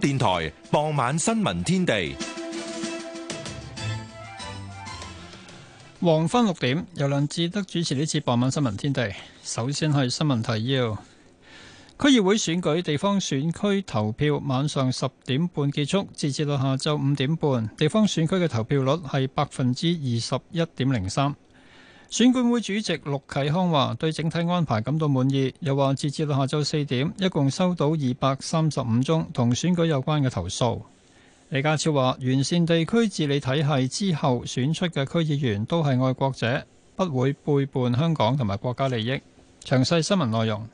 電台傍晚新聞天地，黃昏六點由梁志德主持呢次傍晚新聞天地。首先係新聞提要：區議會選舉地方選區投票晚上十點半結束，截至到下晝五點半。地方選區嘅投票率係百分之二十一點零三。選管會主席陸啟康話：對整體安排感到滿意，又話截至到下晝四點，一共收到二百三十五宗同選舉有關嘅投訴。李家超話：完善地區治理體系之後選出嘅區議員都係愛國者，不會背叛香港同埋國家利益。詳細新聞內容，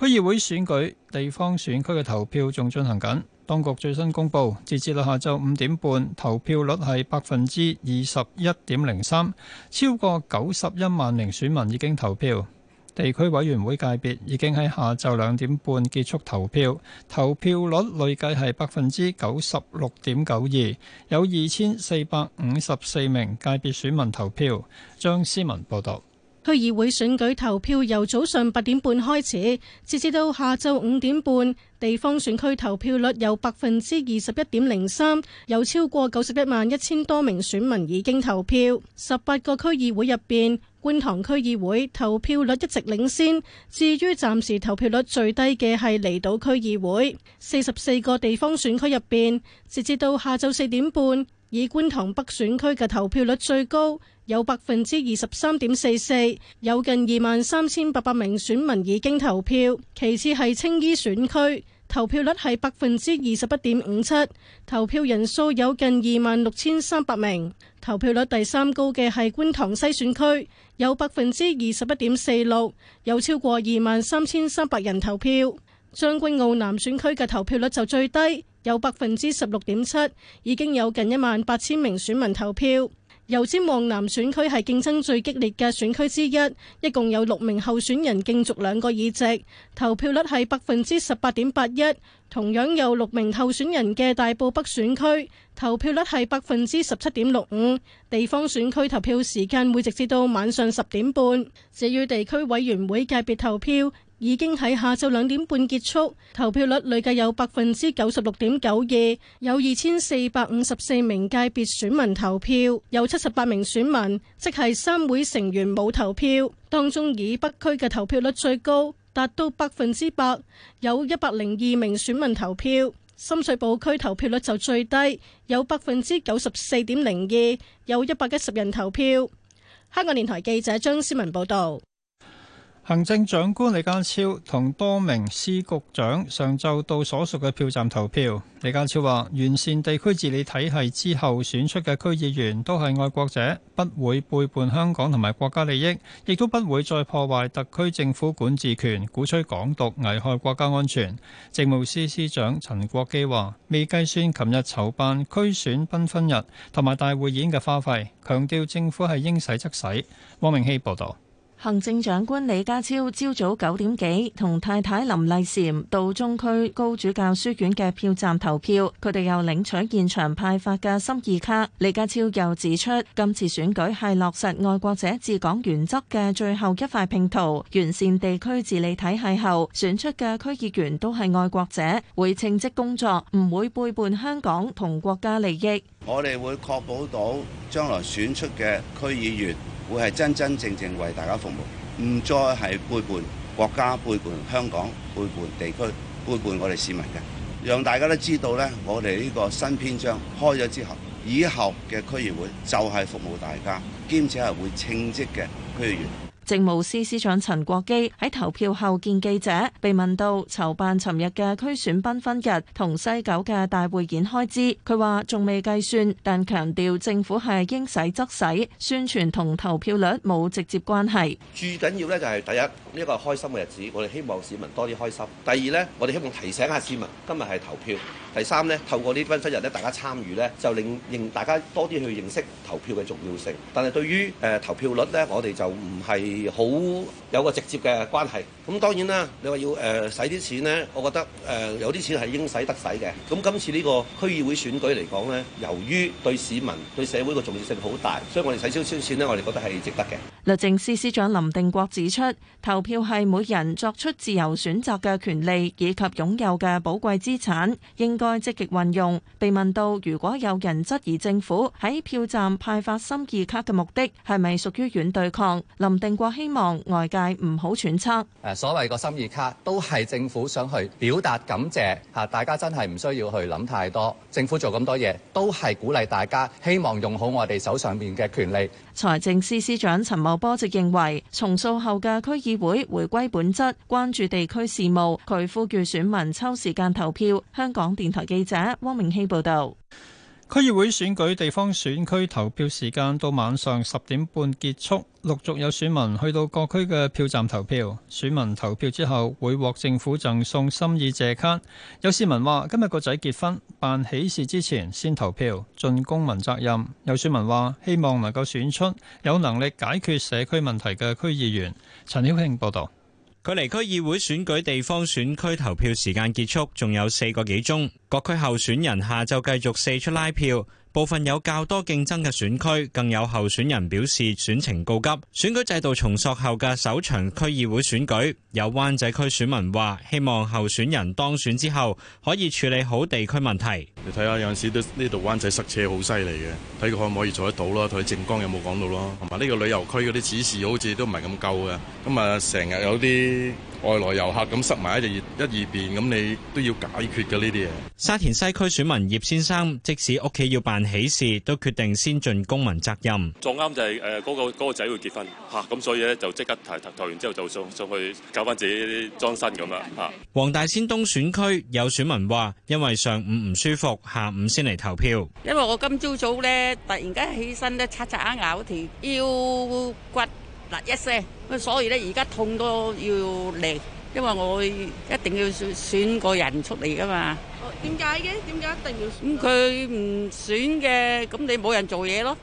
區議會選舉地方選區嘅投票仲進行緊。當局最新公布，截至到下晝五點半，投票率係百分之二十一點零三，超過九十一萬名選民已經投票。地區委員會界別已經喺下晝兩點半結束投票，投票率累計係百分之九十六點九二，有二千四百五十四名界別選民投票。張思文報道。區議會選舉投票由早上八點半開始，截至到下晝五點半。地方選區投票率有百分之二十一點零三，有超過九十一萬一千多名選民已經投票。十八個區議會入邊，觀塘區議會投票率一直領先。至於暫時投票率最低嘅係離島區議會。四十四個地方選區入邊，截至到下晝四點半，以觀塘北選區嘅投票率最高。有百分之二十三點四四，有近二萬三千八百名選民已經投票。其次係青衣選區，投票率係百分之二十一點五七，投票人數有近二萬六千三百名。投票率第三高嘅係觀塘西選區，有百分之二十一點四六，有超過二萬三千三百人投票。將軍澳南選區嘅投票率就最低，有百分之十六點七，已經有近一萬八千名選民投票。油尖旺南選區係競爭最激烈嘅選區之一，一共有六名候選人競逐兩個議席，投票率係百分之十八點八一。同樣有六名候選人嘅大埔北選區，投票率係百分之十七點六五。地方選區投票時間會直至到晚上十點半，至於地區委員會界別投票。已經喺下晝兩點半結束，投票率累計有百分之九十六點九二，有二千四百五十四名界別選民投票，有七十八名選民，即係三會成員冇投票。當中以北區嘅投票率最高，達到百分之百，有一百零二名選民投票。深水埗區投票率就最低，有百分之九十四點零二，有一百一十人投票。香港電台記者張思文報道。行政長官李家超同多名司局長上晝到所屬嘅票站投票。李家超話：完善地區治理體系之後選出嘅區議員都係愛國者，不會背叛香港同埋國家利益，亦都不會再破壞特區政府管治權，鼓吹港獨，危害國家安全。政務司司長陳國基話：未計算琴日籌辦區選繽紛日同埋大會演嘅花費，強調政府係應使則使。汪明熙報道。行政長官李家超朝早九點幾同太太林麗嬋到中區高主教書院嘅票站投票，佢哋又領取現場派發嘅心意卡。李家超又指出，今次選舉係落實愛國者治港原則嘅最後一塊拼圖，完善地區治理體系後選出嘅區議員都係愛國者，會稱職工作，唔會背叛香港同國家利益。我哋會確保到將來選出嘅區議員。會係真真正正為大家服務，唔再係背叛國家、背叛香港、背叛地區、背叛我哋市民嘅。讓大家都知道咧，我哋呢個新篇章開咗之後，以後嘅區議會就係服務大家，兼且係會稱職嘅區議員。政務司司長陳國基喺投票後見記者，被問到籌辦尋日嘅區選繽紛日同西九嘅大匯演開支，佢話仲未計算，但強調政府係應使則使，宣傳同投票率冇直接關係。最緊要咧就係第一，呢個係開心嘅日子，我哋希望市民多啲開心。第二呢，我哋希望提醒下市民今日係投票。第三呢，透過呢啲繽紛日咧，大家參與呢，就令認大家多啲去認識投票嘅重要性。但係對於誒投票率呢，我哋就唔係。好有個直接嘅關係，咁當然啦，你話要誒使啲錢咧，我覺得誒有啲錢係應使得使嘅。咁今次呢個區議會選舉嚟講咧，由於對市民對社會嘅重要性好大，所以我哋使少少錢咧，我哋覺得係值得嘅。律政司司長林定國指出，投票係每人作出自由選擇嘅權利，以及擁有嘅寶貴資產，應該積極運用。被問到如果有人質疑政府喺票站派發心意卡嘅目的係咪屬於軟對抗，林定。我希望外界唔好揣測，誒所謂個心意卡都係政府想去表達感謝吓，大家真係唔需要去諗太多。政府做咁多嘢，都係鼓勵大家，希望用好我哋手上邊嘅權利。財政司司長陳茂波就認為重塑後嘅區議會回歸本質，關注地區事務，佢呼籲選民抽時間投票。香港電台記者汪明熙報道。區議會選舉地方選區投票時間到晚上十點半結束，陸續有選民去到各區嘅票站投票。選民投票之後會獲政府贈送心意借卡。有市民話：今日個仔結婚辦喜事之前先投票盡公民責任。有選民話：希望能夠選出有能力解決社區問題嘅區議員。陳曉慶報道，距離區議會選舉地方選區投票時間結束仲有四個幾鐘。各區候選人下晝繼續四出拉票，部分有較多競爭嘅選區，更有候選人表示選情告急。選舉制度重塑後嘅首場區議會選舉，有灣仔區選民話：希望候選人當選之後可以處理好地區問題。你睇下有陣時都呢度灣仔塞車好犀利嘅，睇佢可唔可以做得到啦？睇政綱有冇講到咯？同埋呢個旅遊區嗰啲指示好似都唔係咁夠嘅，咁啊成日有啲。外來遊客咁塞埋一、二一、二邊咁，你都要解決嘅呢啲嘢。沙田西區選民葉先生，即使屋企要辦喜事，都決定先盡公民責任。撞啱就係誒嗰個嗰個仔會結婚嚇，咁所以咧就即刻投，投完之後就上，上去搞翻自己啲裝身咁啊。黃大仙東選區有選民話，因為上午唔舒服，下午先嚟投票。因為我今朝早咧突然間起身咧擦擦眼，我睇腰骨。嗱，一聲，所以咧，而家痛都要嚟，因為我一定要選選個人出嚟噶嘛。點解嘅？點解一定要？咁佢唔選嘅，咁你冇人做嘢咯。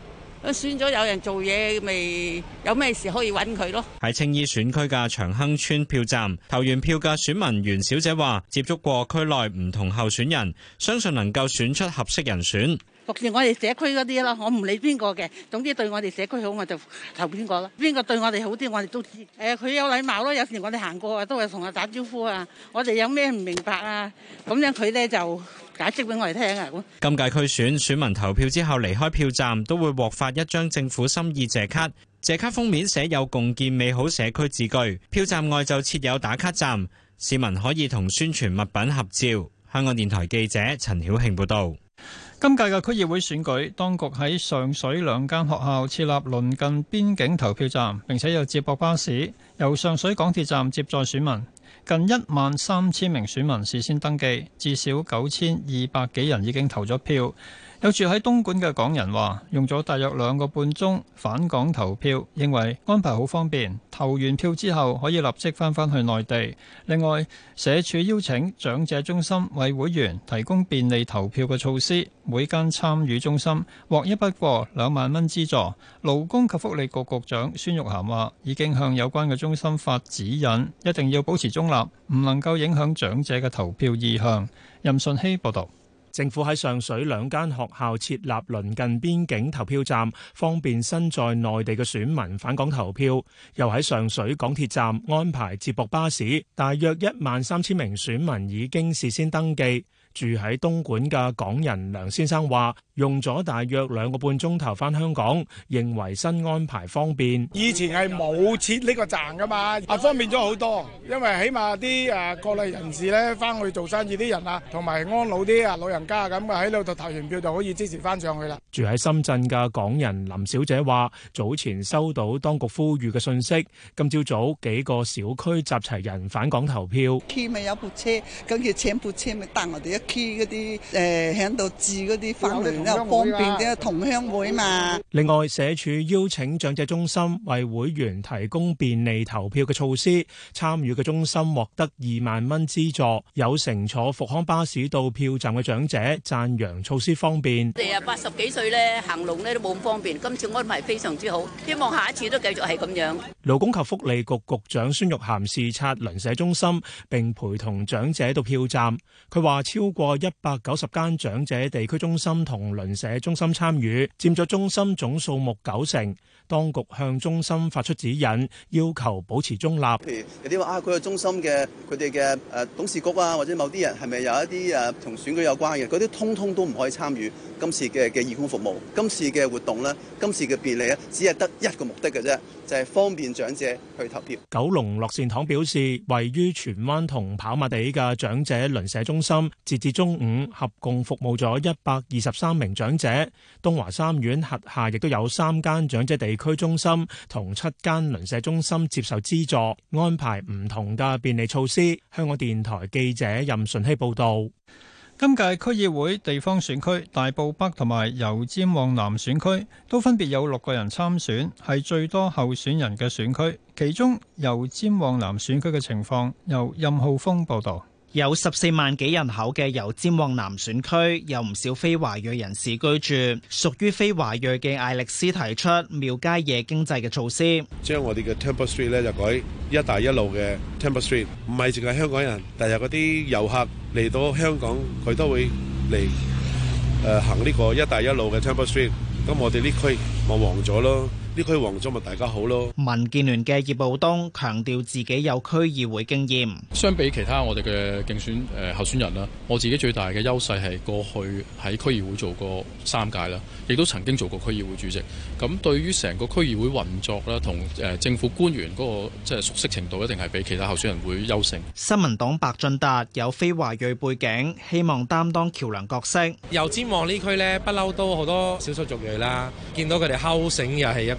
選咗有人做嘢，咪有咩事可以揾佢咯。喺青衣選區嘅長亨村票站投完票嘅選民袁小姐話，接觸過區內唔同候選人，相信能夠選出合適人選。目前我哋社區嗰啲咯，我唔理邊個嘅，總之對我哋社區好我就投邊個囉。邊個對我哋好啲，我哋都知。誒，佢有禮貌咯，有時我哋行過啊，都會同佢打招呼啊。我哋有咩唔明白啊，咁樣佢咧就解釋俾我哋聽啊。咁今屆區選選民投票之後離開票站，都會獲發一張政府心意謝卡。謝卡封面寫有共建美好社區字句。票站外就設有打卡站，市民可以同宣傳物品合照。香港電台記者陳曉慶報道。今屆嘅區議會選舉，當局喺上水兩間學校設立鄰近邊境投票站，並且有接駁巴士由上水港鐵站接載選民。近一萬三千名選民事先登記，至少九千二百幾人已經投咗票。有住喺東莞嘅港人話用咗大約兩個半鐘返港投票，認為安排好方便。投完票之後可以立即翻返去內地。另外，社署邀請長者中心為會員提供便利投票嘅措施，每間參與中心獲一筆過兩萬蚊資助。勞工及福利局局長孫玉菡話已經向有關嘅中心發指引，一定要保持中立，唔能夠影響長者嘅投票意向。任順希報道。政府喺上水兩間學校設立鄰近邊境投票站，方便身在內地嘅選民返港投票。又喺上水港鐵站安排接駁巴士，大約一萬三千名選民已經事先登記。住喺東莞嘅港人梁先生話：用咗大約兩個半鐘頭翻香港，認為新安排方便。以前係冇設呢個站噶嘛，啊方便咗好多，因為起碼啲誒國內人士咧翻去做生意啲人啊，同埋安老啲啊老人家咁啊喺度度投完票就可以支持翻上去啦。住喺深圳嘅港人林小姐話：早前收到當局呼籲嘅信息，今朝早幾個小區集齊人返港投票。佢咪有部車，跟住請部車咪搭我哋一？嗰啲誒喺度治嗰啲法律，比較方便啲啊！同鄉會嘛。另外，社署邀請長者中心為會員提供便利投票嘅措施，參與嘅中心獲得二萬蚊資助。有乘坐復康巴士到票站嘅長者讚揚措施方便。成日八十幾歲咧，行路咧都冇咁方便，今次安排非常之好，希望下一次都繼續係咁樣。勞工及福利局局長孫玉菡視察鄰舍中心並陪同長者到票站，佢話超過一百九十間長者地區中心同鄰舍中心參與，佔咗中心總數目九成。當局向中心發出指引，要求保持中立。譬如有啲話啊，佢個中心嘅佢哋嘅誒董事局啊，或者某啲人係咪有一啲誒同選舉有關嘅？嗰啲通通都唔可以參與今次嘅嘅義工服務。今次嘅活動咧，今次嘅便利咧，只係得一個目的嘅啫，就係方便長者去投票。九龍樂善堂表示，位於荃灣同跑馬地嘅長者鄰舍中心，截至中午合共服務咗一百二十三名長者。東華三院轄下亦都有三間長者地。區中心同七間鄰舍中心接受資助，安排唔同嘅便利措施。香港電台記者任順熙報道。今屆區議會地方選區大埔北同埋油尖旺南選區都分別有六個人參選，係最多候選人嘅選區。其中油尖旺南選區嘅情況，由任浩峰報道。有十四萬幾人口嘅油尖旺南選區有唔少非華裔人士居住，屬於非華裔嘅艾力斯提出廟街夜經濟嘅措施，將我哋嘅 Temple Street 咧就改一帶一路嘅 Temple Street，唔係淨係香港人，但係嗰啲遊客嚟到香港佢都會嚟誒、呃、行呢個一帶一路嘅 Temple Street，咁我哋呢區咪黃咗咯。呢區黃組咪大家好咯！民建聯嘅葉傲冬強調自己有區議會經驗，相比其他我哋嘅競選誒、呃、候選人啦，我自己最大嘅優勢係過去喺區議會做過三屆啦，亦都曾經做過區議會主席。咁對於成個區議會運作啦，同誒、呃、政府官員嗰、那個即係熟悉程度，一定係比其他候選人會優勝。新民黨白俊達有非華裔背景，希望擔當橋梁角色。油尖旺呢區呢，不嬲都好多少數族裔啦，見到佢哋敲醒又係一。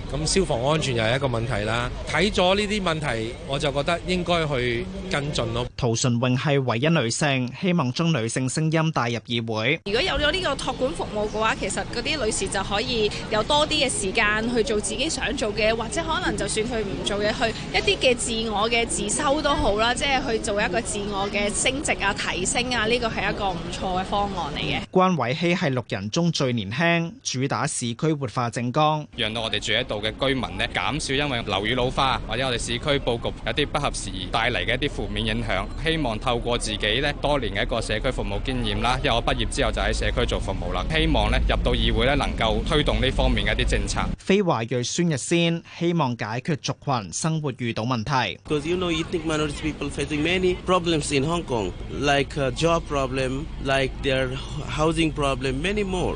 咁消防安全又係一個問題啦，睇咗呢啲問題，我就覺得應該去跟進咯。陶順榮係唯一女性，希望將女性聲音帶入議會。如果有咗呢個託管服務嘅話，其實嗰啲女士就可以有多啲嘅時間去做自己想做嘅，或者可能就算佢唔做嘢，去一啲嘅自我嘅自修都好啦，即係去做一個自我嘅升值啊、提升啊，呢個係一個唔錯嘅方案嚟嘅。關偉希係六人中最年輕，主打市區活化政綱，讓到我哋住喺度，嘅居民咧，減少因為樓宇老化或者我哋市區佈局有啲不合時宜帶嚟嘅一啲負面影響。希望透過自己咧多年嘅一個社區服務經驗啦，因為我畢業之後就喺社區做服務啦。希望咧入到議會咧，能夠推動呢方面嘅一啲政策。非華裔孫日先希望解決族羣生活遇到問題。Like job problem, like their housing problem, many more.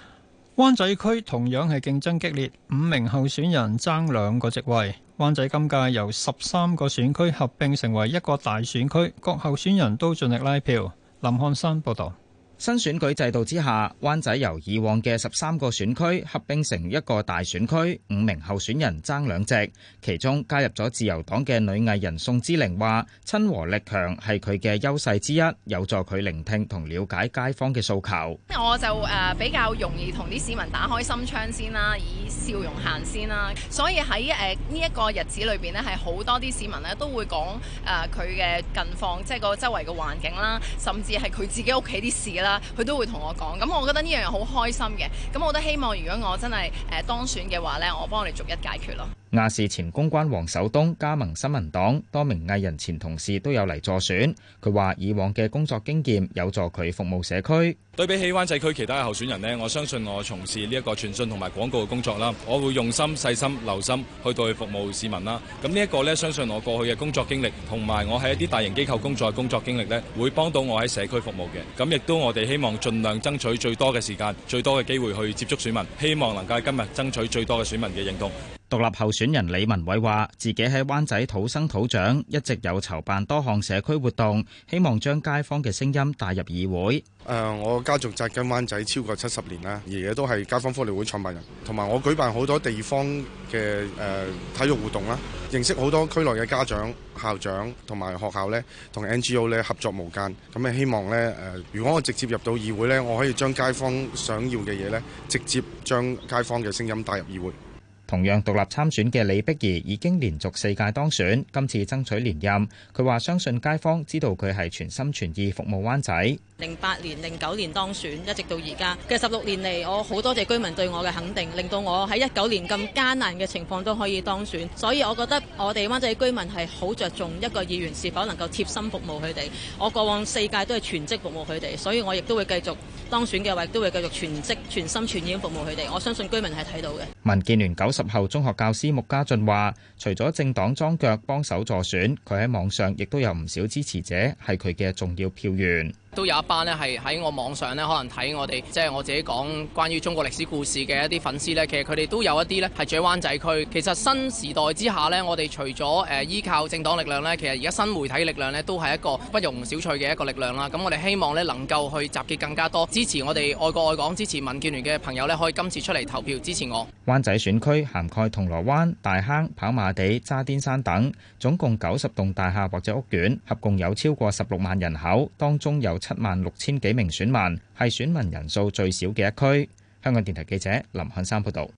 灣仔區同樣係競爭激烈，五名候選人爭兩個席位。灣仔今屆由十三個選區合併成為一個大選區，各候選人都盡力拉票。林漢山報道。新選舉制度之下，灣仔由以往嘅十三個選區合併成一個大選區，五名候選人爭兩席。其中加入咗自由黨嘅女藝人宋之玲話，親和力強係佢嘅優勢之一，有助佢聆聽同了解街坊嘅訴求。我就比較容易同啲市民打開心窗先啦，以笑容行先啦。所以喺誒呢一個日子裏邊咧，係好多啲市民咧都會講誒佢嘅近況，即係個周圍嘅環境啦，甚至係佢自己屋企啲事啦。佢都會同我講，咁我覺得呢樣嘢好開心嘅，咁我都希望如果我真係誒當選嘅話呢，我幫我哋逐一解決咯。亞視前公關王守東加盟新民黨，多名藝人前同事都有嚟助選。佢話以往嘅工作經驗有助佢服務社區。對比起灣仔區其他嘅候選人呢，我相信我從事呢一個傳訊同埋廣告嘅工作啦，我會用心、細心、留心去對服務市民啦。咁呢一個呢，相信我過去嘅工作經歷同埋我喺一啲大型機構工作嘅工作經歷呢，會幫到我喺社區服務嘅。咁亦都我哋希望盡量爭取最多嘅時間、最多嘅機會去接觸選民，希望能夠喺今日爭取最多嘅選民嘅認同。獨立候選人李文偉話，自己喺灣仔土生土長，一直有籌辦多項社區活動，希望將街坊嘅聲音帶入議會。誒、呃，我家族紮根灣仔超過七十年啦，爺爺都係街坊福利會創辦人，同埋我舉辦好多地方嘅誒、呃、體育活動啦，認識好多區內嘅家長、校長同埋學校呢，同 NGO 呢合作無間，咁啊希望呢，誒、呃，如果我直接入到議會呢，我可以將街坊想要嘅嘢呢，直接將街坊嘅聲音帶入議會。同樣獨立參選嘅李碧儀已經連續四屆當選，今次爭取連任。佢話：相信街坊知道佢係全心全意服務灣仔。零八年、零九年當選，一直到而家嘅十六年嚟，我好多謝居民對我嘅肯定，令到我喺一九年咁艱難嘅情況都可以當選，所以，我覺得我哋灣仔居民係好着重一個議員是否能夠貼心服務佢哋。我過往四屆都係全職服務佢哋，所以我亦都會繼續當選嘅話，亦都會繼續全職全心全意服務佢哋。我相信居民係睇到嘅。民建聯九十後中學教師穆家俊話，除咗政黨裝腳幫手助選，佢喺網上亦都有唔少支持者係佢嘅重要票源。都有一班呢，係喺我網上呢，可能睇我哋即係我自己講關於中國歷史故事嘅一啲粉絲呢，其實佢哋都有一啲呢，係住灣仔區。其實新時代之下呢，我哋除咗誒依靠政黨力量呢，其實而家新媒體力量呢，都係一個不容小覷嘅一個力量啦。咁我哋希望呢，能夠去集結更加多支持我哋愛國愛港、支持民建聯嘅朋友呢，可以今次出嚟投票支持我。灣仔選區涵蓋銅鑼灣、大坑、跑馬地、渣甸山等，總共九十棟大廈或者屋苑，合共有超過十六萬人口，當中有。七萬六千幾名選民係選民人數最少嘅一區。香港電台記者林漢山報道，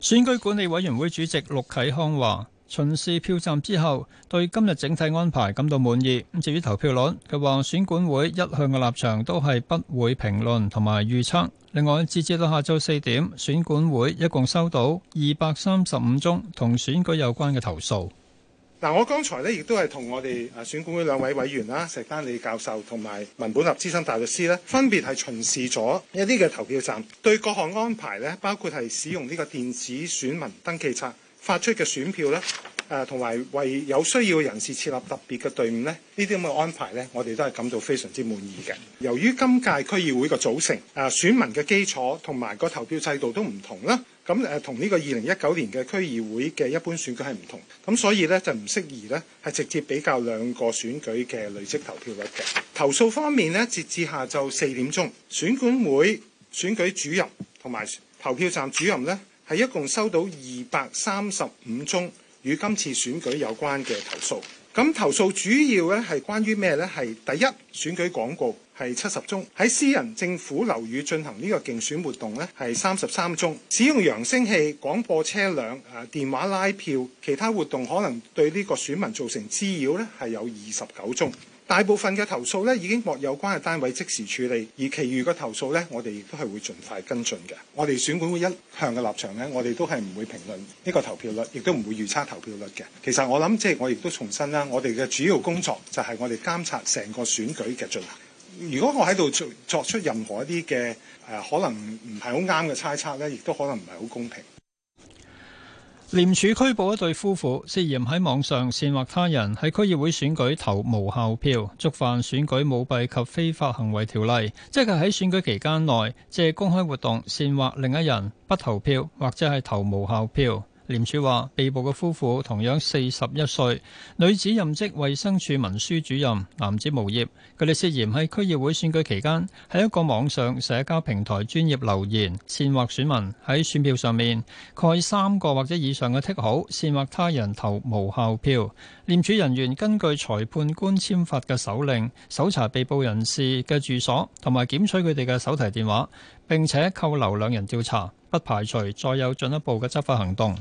選舉管理委員會主席陸啟康話：巡視票站之後，對今日整體安排感到滿意。至於投票率，佢話選管會一向嘅立場都係不會評論同埋預測。另外，截至到下晝四點，選管會一共收到二百三十五宗同選舉有關嘅投訴。嗱、啊，我剛才咧亦都係同我哋啊選管會兩位委員啦，石丹理教授同埋文本立資深大律師咧，分別係巡視咗一啲嘅投票站，對各項安排咧，包括係使用呢個電子選民登記冊發出嘅選票咧，誒同埋為有需要人士設立特別嘅隊伍咧，呢啲咁嘅安排咧，我哋都係感到非常之滿意嘅。由於今屆區議會嘅組成啊，選民嘅基礎同埋個投票制度都唔同啦。咁誒同呢個二零一九年嘅區議會嘅一般選舉係唔同，咁所以呢，就唔適宜呢係直接比較兩個選舉嘅累積投票率嘅。投訴方面呢，截至下晝四點鐘，選管會選舉主任同埋投票站主任呢係一共收到二百三十五宗與今次選舉有關嘅投訴。咁投訴主要呢係關於咩呢？係第一，選舉廣告。係七十宗喺私人、政府樓宇進行呢個競選活動咧，係三十三宗使用揚聲器、廣播車輛誒、啊、電話拉票，其他活動可能對呢個選民造成滋擾咧，係有二十九宗。大部分嘅投訴咧已經獲有，有關嘅單位即時處理，而其餘嘅投訴咧，我哋亦都係會盡快跟進嘅。我哋選管會一向嘅立場咧，我哋都係唔會評論呢個投票率，亦都唔會預測投票率嘅。其實我諗即係我亦都重申啦，我哋嘅主要工作就係我哋監察成個選舉嘅進行。如果我喺度作作出任何一啲嘅誒，可能唔係好啱嘅猜測咧，亦都可能唔係好公平。廉署拘捕一對夫婦，涉嫌喺網上煽惑他人喺區議會選舉投無效票，觸犯選舉舞弊及非法行為條例，即係喺選舉期間內借公開活動煽惑另一人不投票或者係投無效票。廉署話，被捕嘅夫婦同樣四十一歲，女子任職衛生署文書主任，男子無業。佢哋涉嫌喺區議會選舉期間喺一個網上社交平台專業留言煽惑選民喺選票上面蓋三個或者以上嘅剔號，煽惑他人投無效票。廉署人員根據裁判官簽發嘅手令，搜查被捕人士嘅住所同埋檢取佢哋嘅手提電話，並且扣留兩人調查，不排除再有進一步嘅執法行動。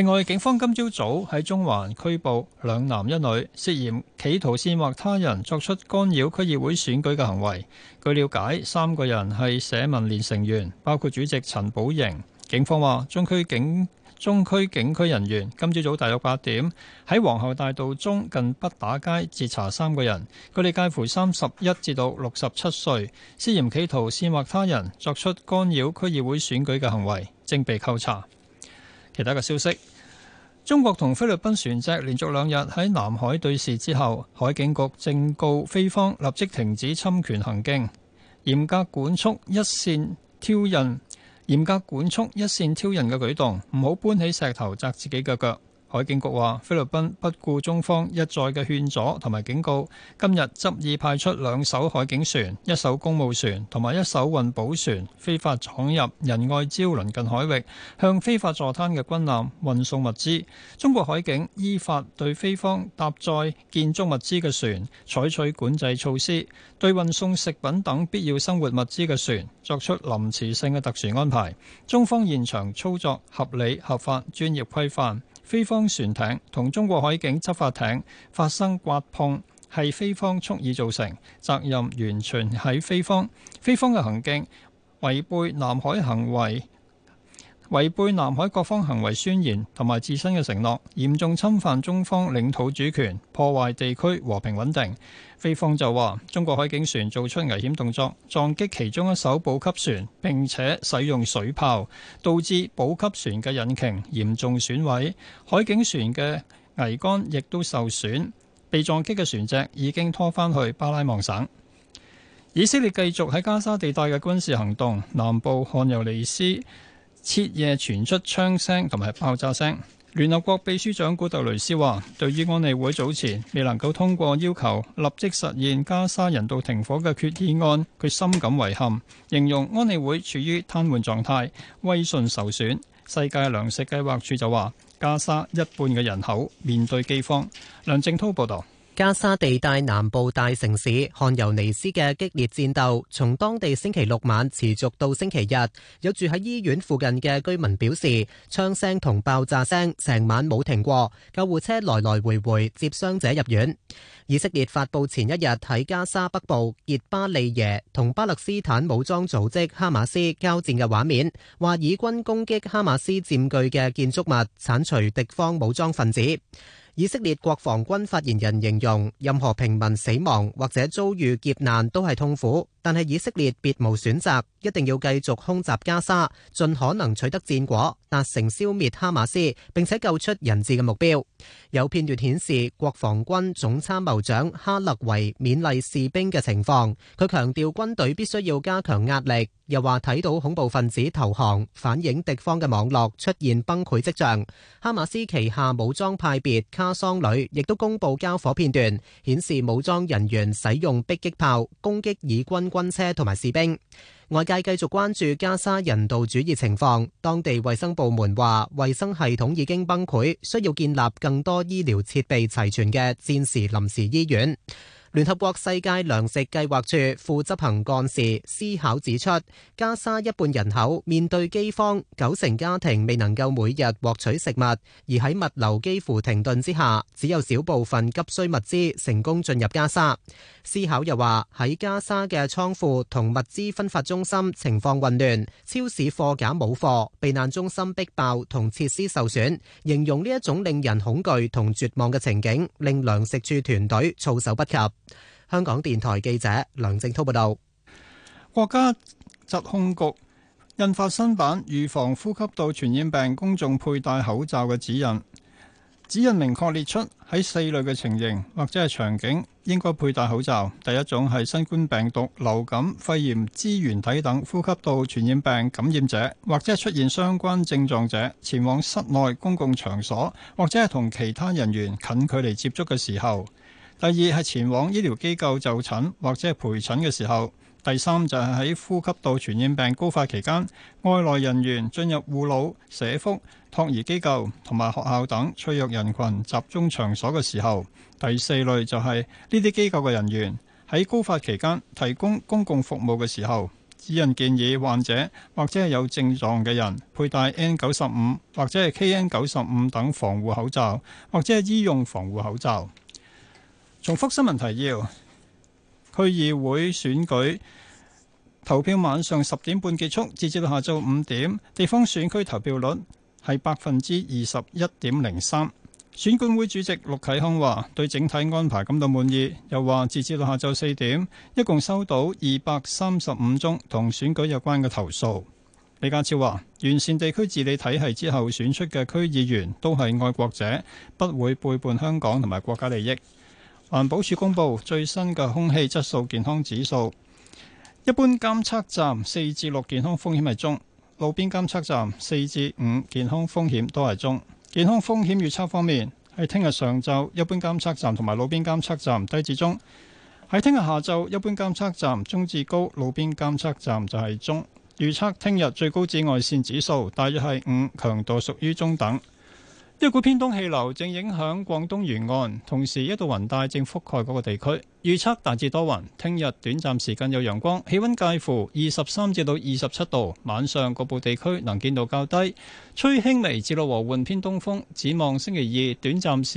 另外，警方今朝早喺中環拘捕兩男一女，涉嫌企圖煽惑他人作出干擾區議會選舉嘅行為。據了解，三個人係社民連成員，包括主席陳寶瑩。警方話，中區警中區警區人員今朝早大約八點喺皇后大道中近畢打街截查三個人，佢哋介乎三十一至到六十七歲，涉嫌企圖煽惑他人作出干擾區議會選舉嘅行為，正被扣查。其他嘅消息，中國同菲律賓船隻連續兩日喺南海對峙之後，海警局正告菲方立即停止侵權行徑，嚴格管束一線挑釁，嚴格管束一線挑釁嘅舉動，唔好搬起石頭砸自己腳腳。海警局話菲律賓不顧中方一再嘅勸阻同埋警告，今日執意派出兩艘海警船、一艘公務船同埋一艘運補船，非法闖入仁愛礁鄰近海域，向非法坐灘嘅軍艦運送物資，中國海警依法對菲方搭載建築物資嘅船採取管制措施，對運送食品等必要生活物資嘅船作出臨時性嘅特殊安排。中方現場操作合理合法、專業規範。菲方船艇同中國海警執法艇發生颳碰，係菲方蓄意造成，責任完全喺菲方。菲方嘅行徑違背南海行為。違背南海各方行為宣言同埋自身嘅承諾，嚴重侵犯中方領土主權，破壞地區和平穩定。菲方就話，中國海警船做出危險動作，撞擊其中一艘補給船，並且使用水炮，導致補給船嘅引擎嚴重損毀，海警船嘅桅杆亦都受損。被撞擊嘅船隻已經拖返去巴拉望省。以色列繼續喺加沙地帶嘅軍事行動，南部漢尤尼斯，徹夜傳出槍聲同埋爆炸聲。聯合國秘書長古特雷斯話，對於安理會早前未能夠通過要求立即實現加沙人道停火嘅決議案，佢深感遺憾，形容安理會處於癱瘓狀態，威信受損。世界糧食計劃署就話，加沙一半嘅人口面對饑荒。梁靜濤報道。加沙地帶南部大城市汗尤尼斯嘅激烈戰鬥，從當地星期六晚持續到星期日。有住喺醫院附近嘅居民表示，槍聲同爆炸聲成晚冇停過，救護車來來回回接傷者入院。以色列發佈前一日喺加沙北部熱巴利耶同巴勒斯坦武裝組織哈馬斯交戰嘅畫面，話以軍攻擊哈馬斯佔據嘅建築物，鏟除敵方武裝分子。以色列國防軍發言人形容，任何平民死亡或者遭遇劫難都係痛苦。但係以色列別無選擇，一定要繼續空襲加沙，盡可能取得戰果，達成消滅哈馬斯，並且救出人質嘅目標。有片段顯示國防軍總參謀長哈勒維勉勵士兵嘅情況，佢強調軍隊必須要加強壓力，又話睇到恐怖分子投降，反映敵方嘅網絡出現崩潰跡象。哈馬斯旗下武裝派別卡桑旅亦都公布交火片段，顯示武裝人員使用迫擊炮攻擊以軍。軍車同埋士兵。外界繼續關注加沙人道主義情況。當地衛生部門話，衛生系統已經崩潰，需要建立更多醫療設備齊全嘅戰時臨時醫院。聯合國世界糧食計劃處副執行幹事思考指出，加沙一半人口面對飢荒，九成家庭未能夠每日獲取食物，而喺物流幾乎停頓之下，只有少部分急需物資成功進入加沙。思考又話，喺加沙嘅倉庫同物資分發中心情況混亂，超市貨架冇貨，避難中心逼爆同設施受損，形容呢一種令人恐懼同絕望嘅情景，令糧食處團隊措手不及。香港電台記者梁靜濤報道。國家疾控局印發新版預防呼吸道傳染病公眾佩戴口罩嘅指引。指引明確列出喺四類嘅情形或者係場景應該佩戴口罩。第一種係新冠病毒、流感、肺炎、支原體等呼吸道傳染病感染者或者出現相關症狀者，前往室內公共場所或者係同其他人員近距離接觸嘅時候。第二係前往醫療機構就診或者係陪診嘅時候；第三就係喺呼吸道傳染病高發期間，外來人員進入護老、社福、託兒機構同埋學校等脆弱人群集中場所嘅時候；第四類就係呢啲機構嘅人員喺高發期間提供公共服務嘅時候。指引建議患者或者係有症狀嘅人佩戴 N 九十五或者係 KN 九十五等防護口罩，或者係醫用防護口罩。重複新聞提要：區議會選舉投票晚上十點半結束，截至到下晝五點。地方選區投票率係百分之二十一點零三。選管會主席陸啟康話：對整體安排感到滿意。又話：截至到下晝四點，一共收到二百三十五宗同選舉有關嘅投訴。李家超話：完善地區治理體系之後，選出嘅區議員都係愛國者，不會背叛香港同埋國家利益。環保署公佈最新嘅空氣質素健康指數，一般監測站四至六健康風險係中，路邊監測站四至五健康風險都係中。健康風險預測方面，喺聽日上晝，一般監測站同埋路邊監測站低至中；喺聽日下晝，一般監測站中至高，路邊監測站就係中。預測聽日最高紫外線指數大約係五，強度屬於中等。一股偏東氣流正影響廣東沿岸，同時一道雲帶正覆蓋嗰個地區。預測大致多雲，聽日短暫時間有陽光，氣温介乎二十三至到二十七度。晚上局部地區能見度較低，吹輕微至到和緩偏東風。展望星期二短暫時。